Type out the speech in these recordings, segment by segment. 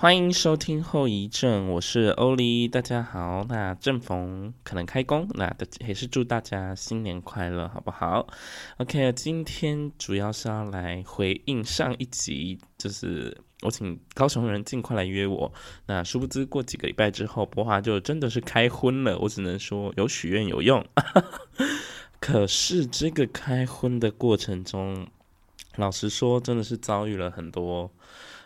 歡迎收聽後遺症，我是歐力，大家好。那正逢可能開工，那也是祝大家新年快樂，好不好？OK，今天主要是要來回應上一集，就是我請高雄人盡快來約我。那殊不知過幾個禮拜之後，博華就真的是開葷了。我只能說有許願有用， 可是這個開葷的過程中，老實說真的是遭遇了很多。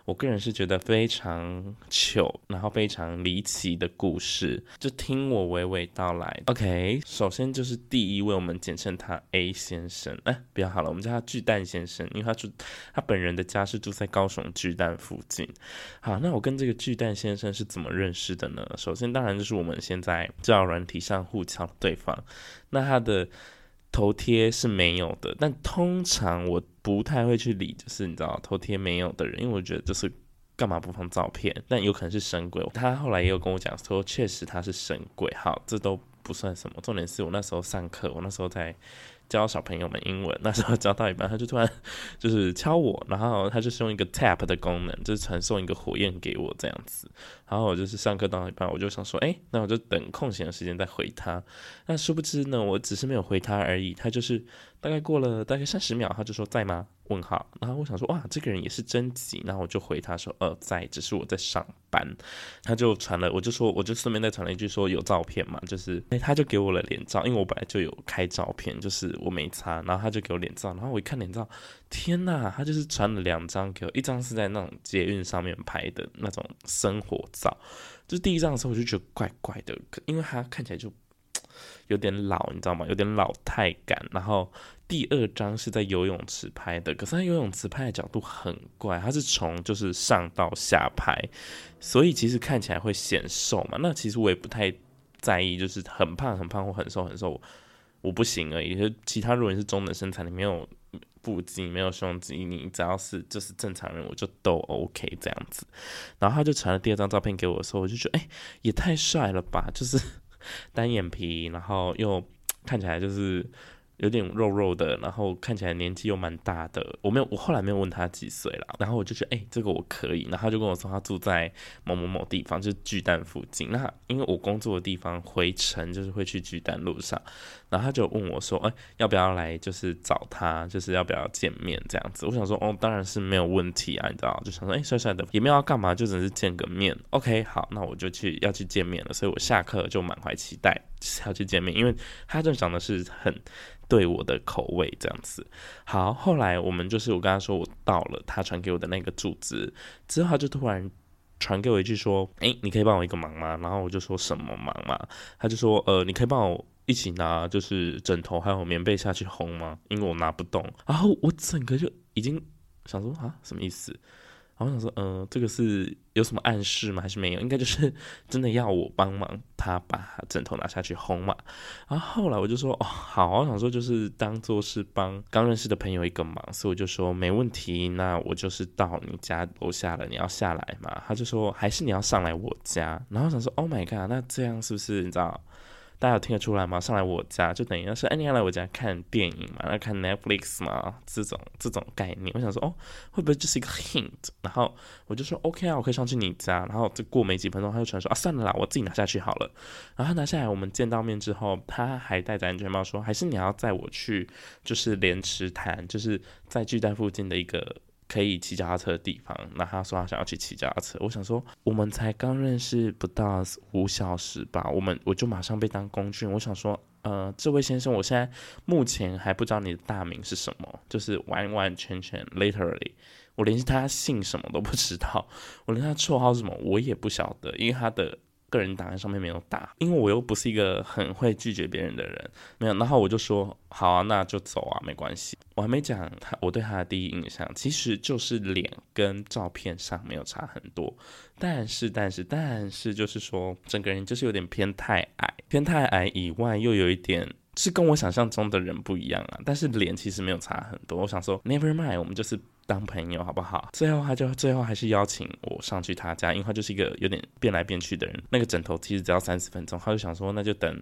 我個人是覺得非常糗，然後非常離奇的故事，就聽我娓娓道來。OK，首先就是第一位，我們簡稱他 A 先生，哎、欸，比較好了，我們叫他巨蛋先生，因為他住，他本人的家是住在高雄巨蛋附近。好，那我跟這個巨蛋先生是怎麼認識的呢？首先，當然就是我們現在教軟體上互敲對方，那他的。頭貼是沒有的，但通常我不太會去理，就是你知道，頭貼沒有的人，因為我覺得就是幹嘛不放照片？但有可能是神鬼，他後來也有跟我講說，確實他是神鬼。好，這都不算什麼。重點是我那時候上課，我那時候在。教小朋友們英文，那時候教到一半，他就突然就是敲我，然後他就是用一個 tap 的功能，就是傳送一個火焰給我這樣子。然後我就是上課到一半，我就想說，哎、欸，那我就等空閒的時間再回他。那殊不知呢，我只是沒有回他而已，他就是。大概過了大概三十秒，他就說在嗎？問號。然後我想說哇，這個人也是真急。然後我就回他說，呃，在，只是我在上班。他就傳了，我就說我就順便再傳了一句說有照片嘛，就是誒、欸，他就給我了臉照，因為我本來就有開照片，就是我沒擦。然後他就給我臉照，然後我一看臉照，天吶，他就是傳了兩張給我，一張是在那種捷運上面拍的那種生活照，就第一張的時候我就覺得怪怪的，可因為他看起來就。有點老，你知道嗎？有點老態感。然後第二張是在游泳池拍的，可是他游泳池拍的角度很怪，他是從就是上到下拍，所以其實看起來會顯瘦嘛。那其實我也不太在意，就是很胖很胖或很瘦很瘦，我，我不行而已。就其他如果你是中等身材，你沒有腹肌、沒有胸肌，你只要是就是正常人，我就都 OK 這樣子。然後他就傳了第二張照片給我的時候，我就覺得哎、欸，也太帥了吧，就是。單眼皮，然後又看起來就是。有點肉肉的，然後看起來年紀又蠻大的。我沒有，我後來沒有問他幾歲啦。然後我就覺得，哎、欸，這個我可以。然後他就跟我說，他住在某某某地方，就是巨蛋附近。那他因為我工作的地方回程就是會去巨蛋路上。然後他就問我說，哎、欸，要不要來，就是找他，就是要不要見面這樣子。我想說，哦，當然是沒有問題啊，你知道？就想說，哎、欸，帥帥的，也沒有要幹嘛，就只是見個面。OK，好，那我就去要去見面了。所以我下課就滿懷期待。要去見面，因為他正講的是很對我的口味這樣子。好，後來我們就是我跟他說我到了他傳給我的那個住址之後，他就突然傳給我一句說：“哎、欸，你可以幫我一個忙嗎？”然後我就說什麼忙嘛，他就說：“呃，你可以幫我一起拿，就是枕頭還有棉被下去烘嗎？因為我拿不動。”然後我整個就已經想說啊，什麼意思？我想說，嗯、呃，這個是有什麼暗示嗎？還是沒有？應該就是真的要我幫忙，他把枕頭拿下去烘嘛。然後後來我就說，哦，好。我想說，就是當做是幫剛認識的朋友一個忙，所以我就說沒問題。那我就是到你家樓下了，你要下來嘛？他就說，還是你要上來我家。然後我想說，Oh my god，那這樣是不是你知道？大家有聽得出來嗎？上來我家就等於說，哎，你要來我家看電影嘛，要看 Netflix 嘛，這種這種概念。我想說，哦，會不會就是一個 hint？然後我就說，OK 啊，我可以上去你家。然後這過沒幾分鐘，他就傳說啊，算了啦，我自己拿下去好了。然後他拿下來，我們見到面之後，他還戴着安全帽說，說還是你要載我去，就是蓮池潭，就是在巨蛋附近的一個。可以騎腳踏車的地方，那他說他想要去騎腳踏車。我想說，我們才剛認識不到五小時吧，我們我就馬上被當工具。我想說，呃，這位先生，我現在目前還不知道你的大名是什麼，就是完完全全 literally，我連他姓什麼都不知道，我連他綽號是什麼我也不曉得，因為他的。個人檔案上面沒有打，因為我又不是一個很會拒絕別人的人，沒有，然後我就說好啊，那就走啊，沒關係。我還沒講他，我對他的第一印象其實就是臉跟照片上沒有差很多，但是但是但是就是說整個人就是有點偏太矮，偏太矮以外又有一點是跟我想象中的人不一樣啊，但是臉其實沒有差很多。我想說，Never mind，我們就是。當朋友好不好？最後，他就最後還是邀請我上去他家，因為他就是一個有點變來變去的人。那個枕頭其實只要三十分鐘，他就想說，那就等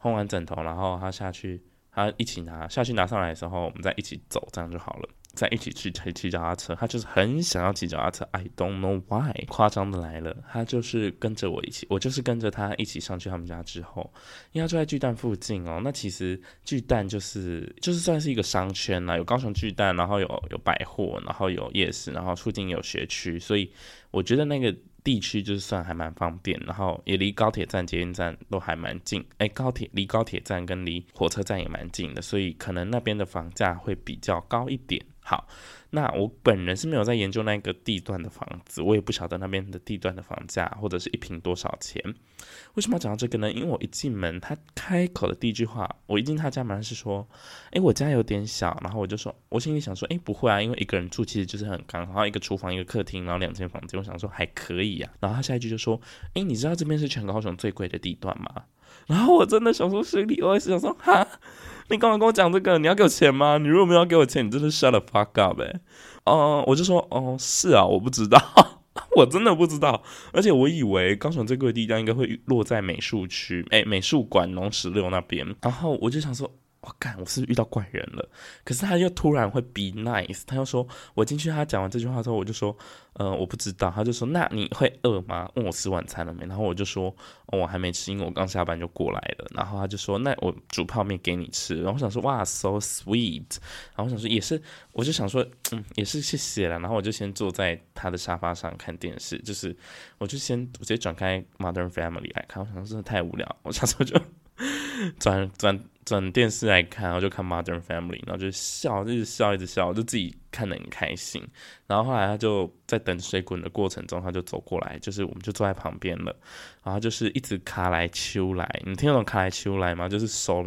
烘完枕頭，然後他下去，他一起拿下去拿上來的時候，我們再一起走，這樣就好了。在一起去騎騎腳踏車，他就是很想要騎腳踏車 I don't know why，誇張的來了，他就是跟着我一起，我就是跟着他一起上去他們家之後，因為他住在巨蛋附近哦、喔。那其實巨蛋就是就是算是一個商圈啦，有高雄巨蛋，然後有有百貨，然後有夜市，然後附近有學區，所以我覺得那個地區就是算還蠻方便，然後也離高鐵站、捷運站都還蠻近。哎、欸，高鐵離高鐵站跟離火車站也蠻近的，所以可能那邊的房價會比較高一點。好，那我本人是沒有在研究那個地段的房子，我也不曉得那邊的地段的房價或者是一坪多少錢。為什麼要講到這個呢？因為我一進門，他開口的第一句話，我一進他家門是說：“欸，我家有點小。”然後我就說，我心裡想說：“欸，不會啊，因為一個人住其實就是很剛好，然後一個廚房，一個客廳，然後兩間房間，我想說還可以呀。”然後他下一句就說：“欸，你知道這邊是全高雄最貴的地段嗎？”然後我真的想說，心裡我也是想說，哈，你幹嘛跟我講這個？你要給我錢嗎？你如果沒有給我錢，你真是 shut the fuck up 唄、欸。哦、uh,，我就說，哦，是啊，我不知道， 我真的不知道。而且我以為高雄最貴地價應該會落在美術區，哎，美術館、農十六那邊。然後我就想說。我幹，我是不是遇到怪人了？可是他又突然會 be nice，他又說，我進去，他講完這句話之後，我就說，嗯，呃，我不知道。他就說，那你會餓嗎？問我吃晚餐了沒？然後我就說，哦，我還沒吃，因為我剛下班就過來了。然後他就說，那我煮泡麵給你吃。然後我想說，哇，so sweet。然後我想說，也是，我就想說，嗯，也是謝謝了。然後我就先坐在他的沙發上看電視，就是，我就先我直接轉開 Modern Family 來看。我想說，真的太無聊。我想說就轉轉。整電視來看，然後就看《Modern Family》，然後就笑，一直笑，一直笑，就自己看得很開心。然後後來他就在等水滾的過程中，他就走過來，就是我們就坐在旁邊了，然後就是一直卡來秋來，你聽得懂卡來秋來嗎？就是手，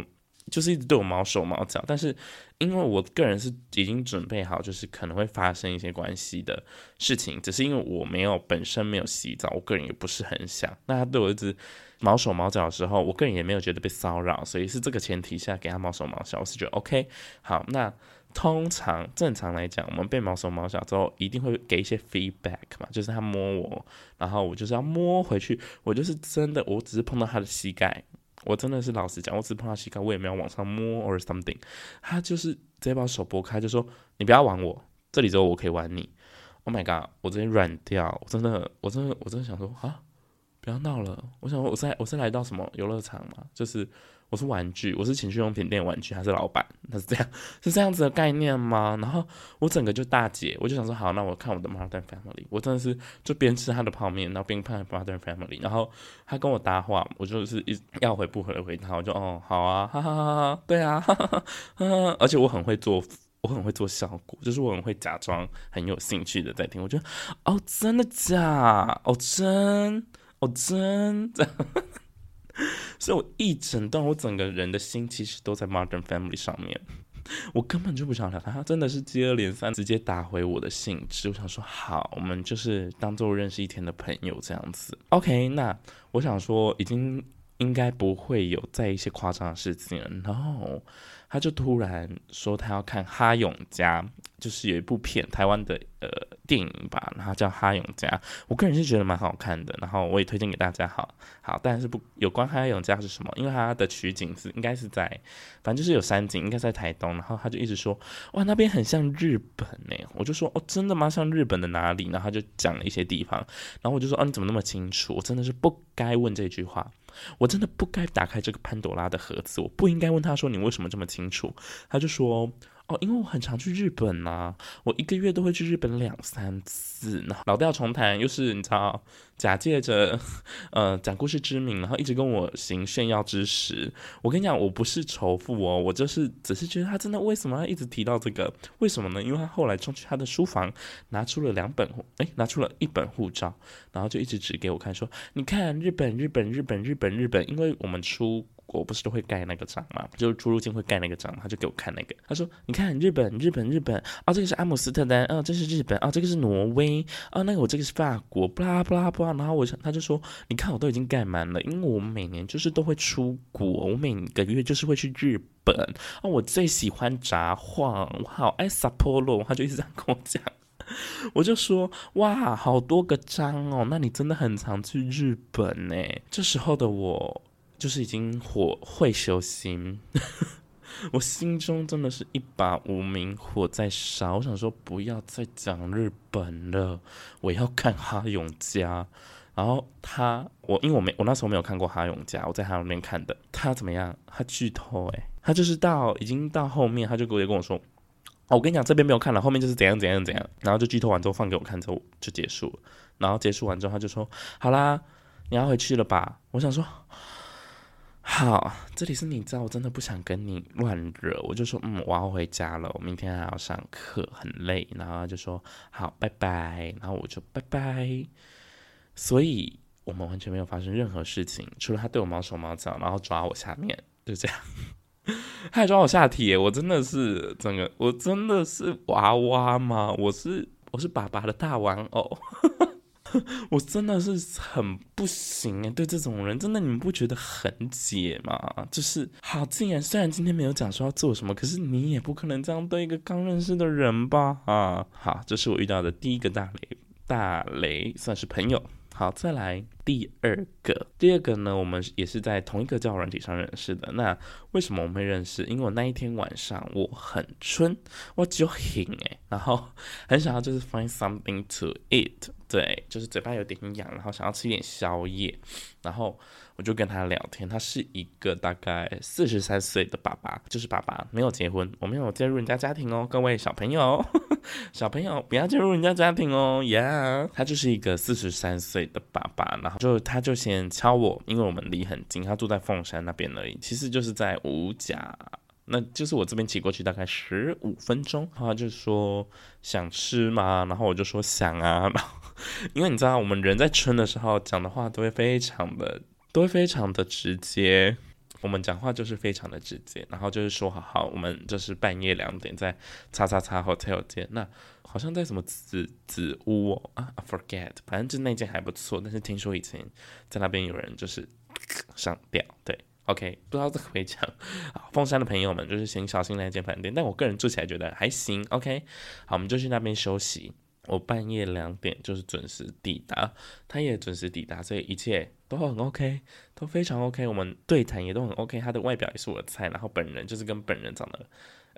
就是一直對我毛手毛腳。但是因為我個人是已經準備好，就是可能會發生一些關係的事情，只是因為我沒有本身沒有洗澡，我個人也不是很想。那他對我一直。毛手毛腳的時候，我個人也沒有覺得被騷擾，所以是這個前提下給他毛手毛腳我是覺得 OK。好，那通常正常來講，我們被毛手毛腳之後，一定會給一些 feedback 嘛，就是他摸我，然後我就是要摸回去，我就是真的，我只是碰到他的膝蓋，我真的是老實講，我只是碰到膝蓋，我也沒有往上摸 or something。他就是直接把手撥開，就說你不要玩我，這裡只有我可以玩你。Oh my god，我真的軟掉，我真的，我真的，我真的想說啊。不要鬧了！我想我是我是來到什麼遊樂場嘛？就是我是玩具，我是情趣用品店玩具，他是老闆，他是這樣，是這樣子的概念嗎？然後我整個就大姐，我就想說好，那我看我的 Modern Family，我真的是就邊吃他的泡麵，然後邊看 Modern Family，然後他跟我搭話，我就是一要回不回的回答，然後我就哦好啊，哈哈哈、啊、哈，對啊，哈哈，哈哈，而且我很會做，我很會做效果，就是我很會假裝很有興趣的在聽，我覺得哦真的假？哦真的。哦，oh, 真的！ 所以，我一整段，我整個人的心其實都在 Modern Family 上面。 我根本就不想聊他，他真的是接二連三直接打回我的興致。我想說，好，我們就是當做認識一天的朋友這樣子。OK，那我想說，已經應該不會有再一些誇張的事情了。然後。他就突然說他要看《哈勇家》，就是有一部片，台灣的呃電影吧，然後叫《哈勇家》，我個人是覺得蠻好看的，然後我也推薦給大家好，好好。但是不有關《哈勇家》是什麼，因為他的取景是應該是在，反正就是有山景，應該是在台東。然後他就一直說，哇，那邊很像日本誒、欸，我就說，哦，真的嗎？像日本的哪裡？然後他就講了一些地方，然後我就說，哦、啊，你怎麼那麼清楚？我真的是不該問這句話，我真的不該打開這個潘朵拉的盒子，我不應該問他說你為什麼這麼清楚。清楚，他就說：“哦，因為我很常去日本吶、啊，我一個月都會去日本兩三次呢。”然後老調重彈，又是你知道，假借着呃講故事之名，然後一直跟我行炫耀之實。我跟你講，我不是仇富哦，我就是只是覺得他真的為什麼他一直提到這個？為什麼呢？因為他後來衝去他的書房，拿出了兩本，哎，拿出了一本護照，然後就一直指給我看，說：“你看，日本，日本，日本，日本，日本，因為我們出。”我不是都會蓋那個章嘛，就是出入境會蓋那個章，他就給我看那個，他說：“你看日本，日本，日本，啊、哦，這個是阿姆斯特丹，啊、哦，這是日本，啊、哦，這個是挪威，啊、哦，那個我這個是法國，布拉布拉布拉，然後我想他就說：“你看我都已經蓋滿了，因為我每年就是都會出國，我每個月就是會去日本啊、哦，我最喜歡札幌，我好愛札幌。”他就一直這樣跟我講，我就說：“哇，好多個章哦，那你真的很常去日本呢。”這時候的我。就是已經火會修行， 我心中真的是一把無名火在燒。我想說不要再講日本了，我要看哈勇家。然後他我因為我沒我那時候沒有看過哈勇家，我在他那邊看的。他怎麼樣？他劇透誒、欸，他就是到已經到後面他就給，我跟我說：“哦，我跟你講這邊沒有看了，後面就是怎樣怎樣怎樣。”然後就劇透完之後放給我看之後就結束了。然後結束完之後他就說：“好啦，你要回去了吧？”我想說。好，這裡是你知道，我真的不想跟你亂惹，我就說，嗯，我要回家了，我明天還要上課，很累，然後就說好，拜拜，然後我就拜拜，所以我們完全沒有發生任何事情，除了他對我毛手毛腳，然後抓我下面，就這樣， 他還抓我下體，我真的是整個，我真的是娃娃嗎？我是我是爸爸的大玩偶。 我真的是很不行誒，對這種人，真的你們不覺得很解嗎？就是好，既然雖然今天沒有講說要做什麼，可是你也不可能這樣對一個剛認識的人吧？啊，好，這是我遇到的第一個大雷，大雷算是朋友。好，再來第二個。第二個呢，我們也是在同一個交友軟件上認識的。那為什麼我們會認識？因為我那一天晚上我很春，我就很誒、欸，然後很想要就是 find something to eat，對，就是嘴巴有點癢，然後想要吃一點宵夜，然後。我就跟他聊天，他是一個大概四十三歲的爸爸，就是爸爸沒有結婚，我沒有介入人家家庭哦，各位小朋友，小朋友不要介入人家家庭哦，耶、yeah！他就是一個四十三歲的爸爸，然後就他就先敲我，因為我們離很近，他住在鳳山那邊而已，其實就是在五甲，那就是我這邊騎過去大概十五分鐘，然後他就說想吃嗎？然後我就說想啊，因為你知道我們人在春的時候講的話都會非常的。會非常的直接，我們講話就是非常的直接，然後就是說好好，我們就是半夜兩點在擦擦擦 hotel 見，那好像在什麼紫紫屋哦？啊、I，forget，反正就是那間還不錯，但是聽說以前在那邊有人就是、呃、上吊，對，OK，不知道怎麼會講，啊，鳳山的朋友們就是請小心那間飯店，但我個人住起來覺得還行，OK，好，我們就去那邊休息。我半夜兩點就是準時抵達，他也準時抵達，所以一切都很 OK，都非常 OK。我們對談也都很 OK，他的外表也是我的菜，然後本人就是跟本人長得。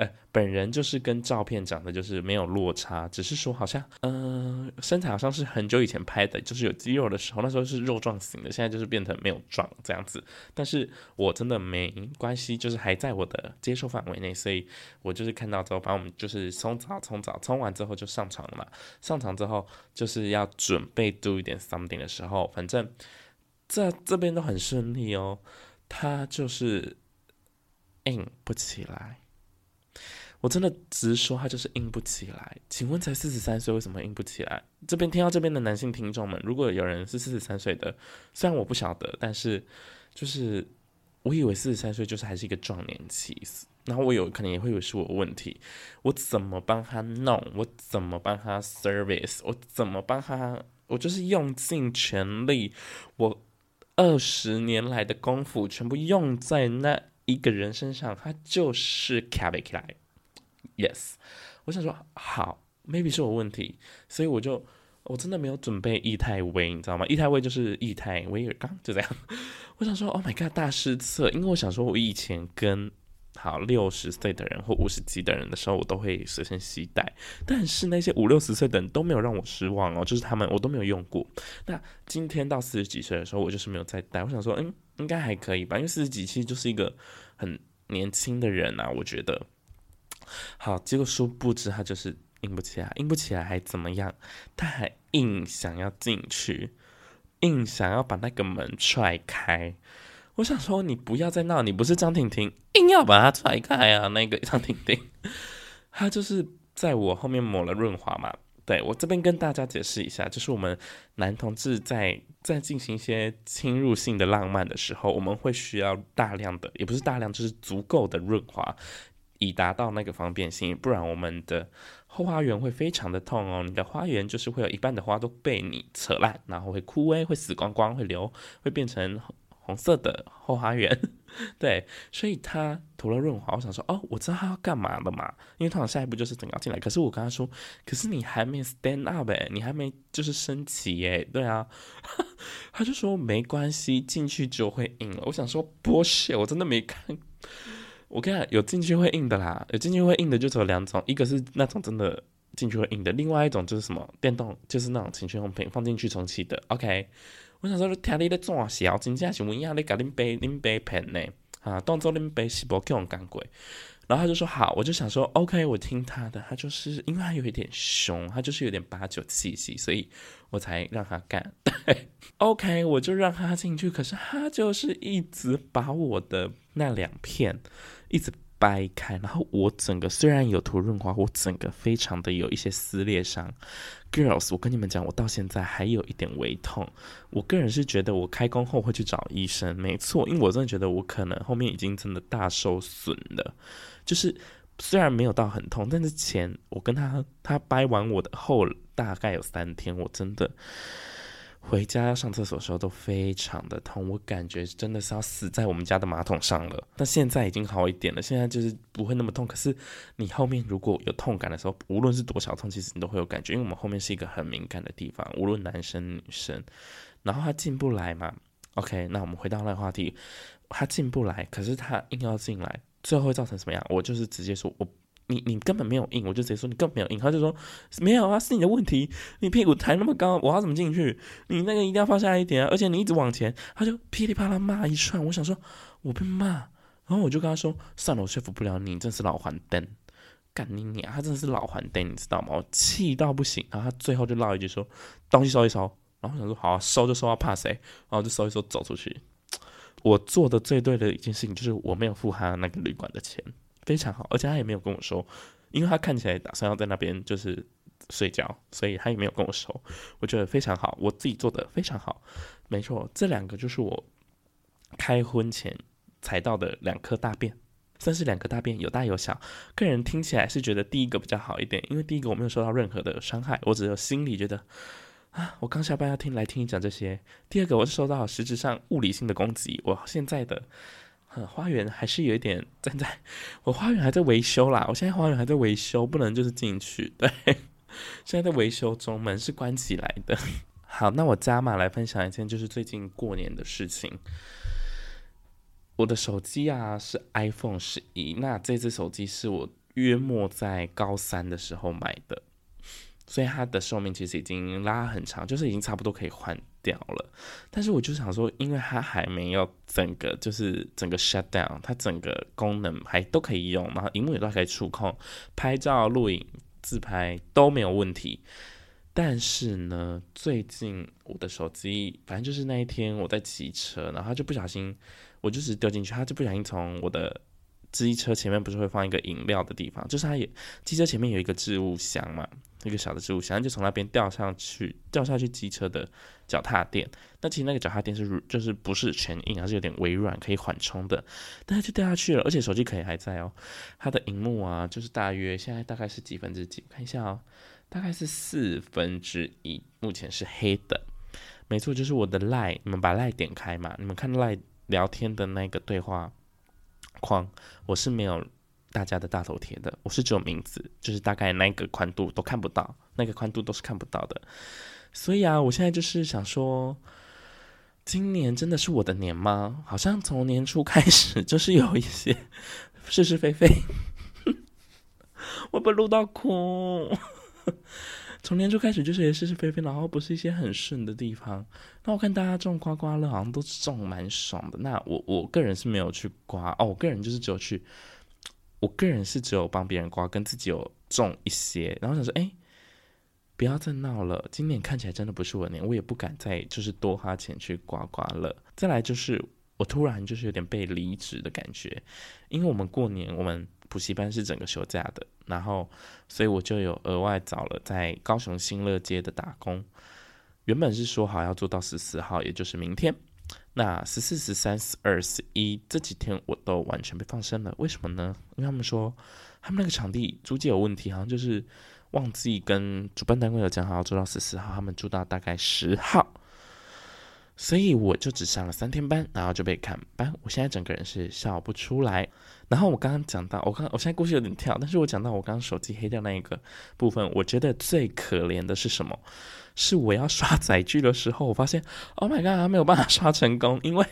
哎、呃，本人就是跟照片長得就是沒有落差，只是說好像，嗯、呃，身材好像是很久以前拍的，就是有肌肉的時候，那時候是肉壯型的，現在就是變成沒有壯這樣子。但是我真的沒關係，就是還在我的接受範圍內，所以我就是看到之後，把我們就是沖澡、沖澡、沖完之後就上床了嘛。上床之後就是要準備 do 一點 something 的時候，反正這這邊都很順利哦、喔，他就是硬、欸、不起來。我真的直說，他就是硬不起來。請問，才四十三歲，為什麼硬不起來？這邊聽到這邊的男性聽眾們，如果有人是四十三歲的，雖然我不曉得，但是就是我以為四十三歲就是還是一個壯年期。然後我有可能也會以為是我問題，我怎麼幫他弄？我怎麼幫他 service？我怎麼幫他？我就是用盡全力，我二十年來的功夫全部用在那一個人身上，他就是 carry 起來。Yes，我想說好，Maybe 是我問題，所以我就我真的沒有準備易態威，你知道嗎？易態威就是易太威爾剛、啊、就這樣。我想說 Oh my God，大失策，因為我想說我以前跟好六十歲的人或五十幾的人的時候，我都會隨身攜帶，但是那些五六十歲的人都沒有讓我失望哦，就是他們我都沒有用過。那今天到四十幾歲的時候，我就是沒有再帶。我想說，嗯，應該還可以吧，因為四十幾其實就是一個很年輕的人啊，我覺得。好，結果殊不知他就是硬不起來，硬不起來還怎麼樣？他還硬想要進去，硬想要把那個門踹開。我想說，你不要再鬧，你不是張婷婷，硬要把它踹開啊！那個張婷婷，他就是在我後面抹了潤滑嘛。對，我這邊跟大家解釋一下，就是我們男同志在在進行一些侵入性的浪漫的時候，我們會需要大量的，也不是大量，就是足夠的潤滑。以達到那個方便性，不然我們的後花園會非常的痛哦。你的花園就是會有一半的花都被你扯爛，然後會枯萎，會死光光，會流，會變成紅色的後花園。對，所以他塗了潤滑。我想說，哦，我知道他要幹嘛的嘛，因為他想下一步就是怎樣進來。可是我跟他說，可是你還沒 stand up 誒、欸，你還沒就是升起誒、欸。對啊。 他就說沒關係，進去就會硬了。我想說 bullshit，我真的沒看。我看有進去會硬的啦，有進去會硬的就只有兩種，一個是那種真的進去會硬的，另外一種就是什麼電動，就是那種情趣用品放進去充氣的。OK，我想說你聽你咧做啥，真正是問呀你甲恁爸恁爸騙呢啊，當做恁爸是無去用幹過。然後他就說好，我就想說 OK，我聽他的。他就是因為他有一點凶，他就是有點八九氣息，所以我才讓他幹，對。OK，我就讓他進去。可是他就是一直把我的那兩片一直掰開，然後我整個雖然有塗潤滑，我整個非常的有一些撕裂傷。Girls，我跟你們講，我到現在還有一點微痛。我個人是覺得我開工後會去找醫生，沒錯，因為我真的覺得我可能後面已經真的大受損了。就是雖然沒有到很痛，但是前我跟他他掰完我的後，大概有三天，我真的回家上廁所的時候都非常的痛，我感覺真的是要死在我們家的馬桶上了。但現在已經好一點了，現在就是不會那麼痛。可是你後面如果有痛感的時候，無論是多少痛，其實你都會有感覺，因為我們後面是一個很敏感的地方，無論男生女生。然後他進不來嘛，OK？那我們回到那個話題，他進不來，可是他硬要進來。最後會造成什麼樣？我就是直接說，我你你根本沒有硬，我就直接說你根本沒有硬。他就說沒有啊，是你的問題，你屁股抬那麼高，我要怎麼進去？你那個一定要放下一點啊，而且你一直往前，他就噼里啪啦罵一串。我想說，我被罵，然後我就跟他說，算了，我說服不了你，你真是老黃燈，幹你娘，他真的是老黃燈，你知道嗎？我氣到不行，然後他最後就嘮一句說，東西收一收，然後想說好啊，收就收啊，怕誰？然後就收一收走出去。我做的最對的一件事情就是我沒有付他那個旅館的錢，非常好，而且他也沒有跟我說，因為他看起來打算要在那邊就是睡覺，所以他也沒有跟我說，我覺得非常好，我自己做的非常好，沒錯，這兩個就是我開工前踩到的兩顆大便，算是兩顆大便，有大有小。個人聽起來是覺得第一個比較好一點，因為第一個我沒有受到任何的傷害，我只有心裡覺得。啊！我剛下班要聽來聽你講這些。第二個，我是收到實質上物理性的攻擊。我現在的花園還是有一點站在，我花園還在維修啦。我現在花園還在維修，不能就是進去。對，現在在維修中，門是關起來的。好，那我加碼來分享一件，就是最近過年的事情。我的手機啊是 iPhone 十一，那這支手機是我約莫在高三的時候買的。所以它的壽命其實已經拉很長，就是已經差不多可以換掉了。但是我就想說，因為它還沒有整個，就是整個 shut down，它整個功能還都可以用，然後螢幕也都可以觸控，拍照、錄影、自拍都沒有問題。但是呢，最近我的手機，反正就是那一天我在騎車，然後就不小心，我就是丟進去，它就不小心從我的機車前面不是會放一個飲料的地方，就是它有機車前面有一個置物箱嘛。那個小的植物箱，想就從那邊掉下去，掉下去機車的腳踏墊。那其實那個腳踏墊是就是不是全硬，而是有點微軟，可以緩衝的。但它就掉下去了，而且手機殼也還在哦。它的熒幕啊，就是大約現在大概是幾分之幾？我看一下哦，大概是四分之一。目前是黑的，沒錯，就是我的賴。你們把賴點開嘛，你們看賴聊天的那個對話框，我是沒有。大家的大頭貼的，我是只有名字，就是大概那個寬度都看不到，那個寬度都是看不到的。所以啊，我現在就是想說，今年真的是我的年嗎？好像從年初開始就是有一些是是非非， 我被錄到哭。從 年初開始就是也是是非非，然後不是一些很順的地方。那我看大家中刮刮樂好像都中蠻爽的，那我我個人是沒有去刮哦，我個人就是只有去。我個人是只有幫別人刮，跟自己有中一些，然後想說，哎，不要再鬧了。今年看起來真的不是我年，我也不敢再就是多花錢去刮刮樂。再來就是我突然就是有點被離職的感覺，因為我們過年，我們補習班是整個休假的，然後所以我就有額外找了在高雄新樂街的打工。原本是說好要做到十四號，也就是明天。那十四、十三、十二、十一這幾天我都完全被放生了，為什麼呢？因為他們說他們那個場地租借有問題，好像就是忘記跟主辦單位有講好，要租到十四號，他們租到大概十號。所以我就只上了三天班，然後就被砍班。我現在整個人是笑不出來。然後我剛剛講到，我剛我現在故事有點跳，但是我講到我剛剛手機黑掉那一個部分，我覺得最可憐的是什麼？是我要刷載具的時候，我發現 Oh my God，它沒有辦法刷成功，因為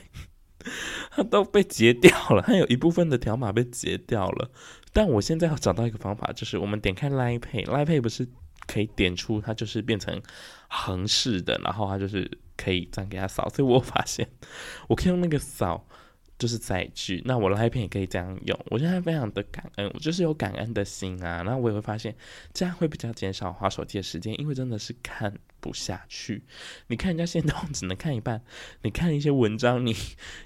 它都被截掉了，它有一部分的條碼被截掉了。但我現在要找到一個方法，就是我們點開 Line Pay，Line Pay 不是可以點出它，就是變成。橫式的，然後它就是可以這樣給它掃，所以我發現我可以用那個掃就是載具，那我的 iPad 也可以這樣用。我現在非常的感恩，我就是有感恩的心啊。那我也會發現這樣會比較減少滑手機的時間，因為真的是看不下去。你看人家限動只能看一半，你看一些文章，你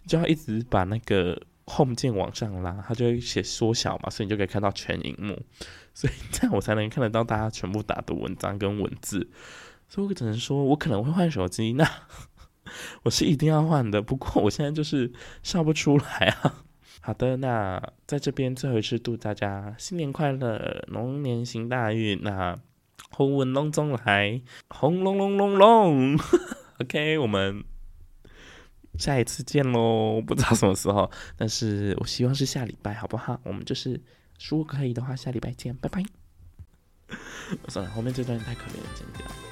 就要一直把那個 Home 鍵往上拉，它就會寫縮小嘛，所以你就可以看到全螢幕，所以這樣我才能看得到大家全部打的文章跟文字。所以我只能說，我可能會換手機。那我是一定要換的，不過我現在就是笑不出來啊。好的，那在這邊最後一次祝大家新年快樂，龍年行大運，那鴻運龍總來，轟隆隆隆隆。OK，我們下一次見嘍，不知道什麼時候，但是我希望是下禮拜，好不好？我們就是如果可以的話，下禮拜見，拜拜。算了，後面這段太可憐了，剪掉。